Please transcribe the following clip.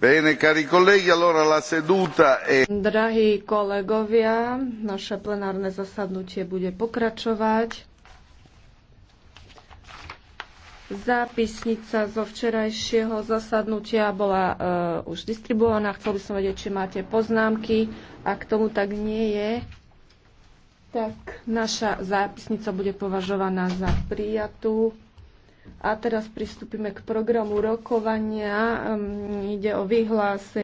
Bene, cari colleghi, allora la seduta è... Drahí kolegovia, naše plenárne zasadnutie bude pokračovať. Zápisnica zo včerajšieho zasadnutia bola uh, už distribuovaná. Chcel by som vedieť, či máte poznámky. Ak tomu tak nie je, tak naša zápisnica bude považovaná za prijatú. A teraz pristúpime k programu rokovania. Hm, ide o vyhlásenie.